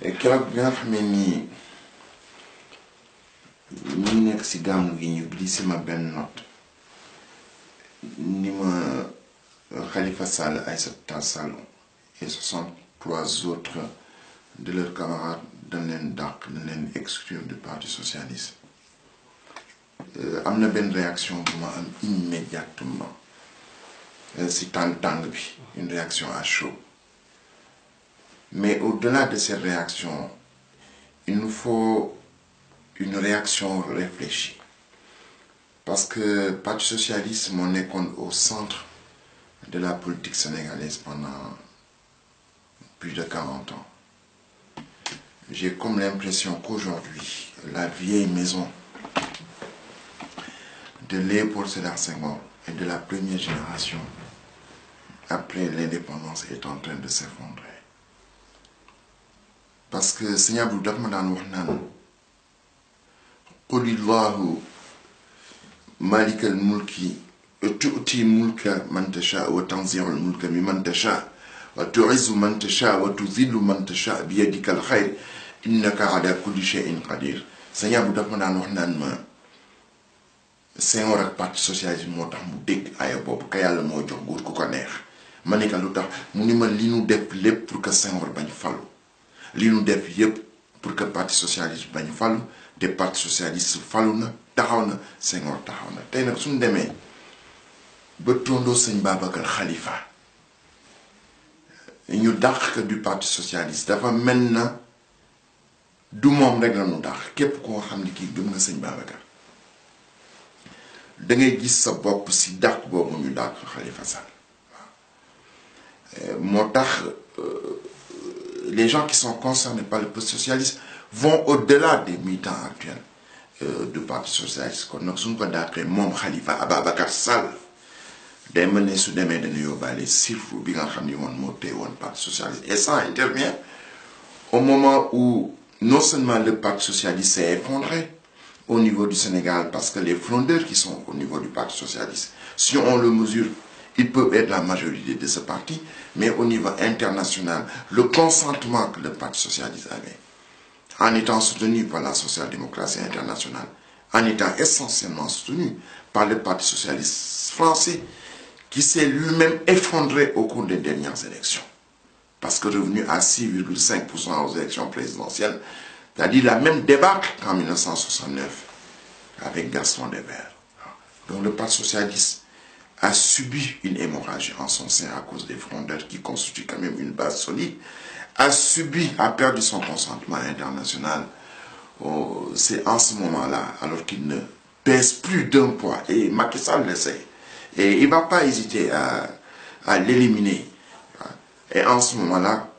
keroog bi nga xamee nii ñi nekk ci gàmmu gi ñu glissé ma benn note ni ma Khalifa Sall Aïssata Tall Sall et soixante de leurs camarades dañ leen dàq dañ leen exclure du parti socialiste euh, am na benn réaction bu ma am immédiatement si euh, tàng tàng bi une réaction à chaud Mais au-delà de ces réactions, il nous faut une réaction réfléchie. Parce que Parti socialiste, mon compte au centre de la politique sénégalaise pendant plus de 40 ans. J'ai comme l'impression qu'aujourd'hui, la vieille maison de Léopold Sédar Senghor et de la première génération après l'indépendance est en train de s'effondrer. parce que sëñ Abdou daf ma daan wax naan qulillahu malikal mulki man tasha wa man tasha wa tu'izzu man tasha wa bi ma daan wax ak parti socialiste moo tax mu dégg aaya boobu ka yàlla moo jox góor ku ko neex ma ne ka lu tax mu ni ma li nu def lépp pour que Senghor bañ falu li ñu def yépp pour que parti socialiste bañ falu te parti socialiste falu na taxaw na Senghor taxaw na tey nag suñ demee ba tondoo sëñ Babacar Khalifa ñu dàq ka du parti socialiste dafa mel na du moom rek la ñu dàq képp koo xam ne kii gëm nga sëñ Babacar da gis sa bopp si dàq boobu ñu dàq Khalifa Sall waaw eh, moo tax. Euh, les gens qui sont concernés par le Parti socialiste vont au-delà des militants actuels euh, du Parti socialiste kon nag suñ ko dàqee moom Khalifa Ababacar Sall day mel ne su demee dana yóbbaale surtout bi nga xam ni woon moo téye woon Parti socialiste et ça intervient au moment où non seulement le Parti socialiste s'est effondré au niveau du Sénégal parce que les frondeurs qui sont au niveau du Parti socialiste si on le mesure Ils peuvent être la majorité de ce parti, mais au niveau international, le consentement que le Parti socialiste avait, en étant soutenu par la social-démocratie internationale, en étant essentiellement soutenu par le Parti socialiste français, qui s'est lui-même effondré au cours des dernières élections. Parce que revenu à 6,5% aux élections présidentielles, c'est-à-dire la même débâcle qu'en 1969 avec Gaston Devers. Donc le Parti socialiste a subi une hémorragie en son sein à cause des frondeurs qui constituent quand même une base solide, a subi, a perdu son consentement international, oh, c'est en ce moment-là, alors qu'il ne pèse plus d'un poids, et Macky Sall le sait, et il ne va pas hésiter à, à l'éliminer. Et en ce moment-là,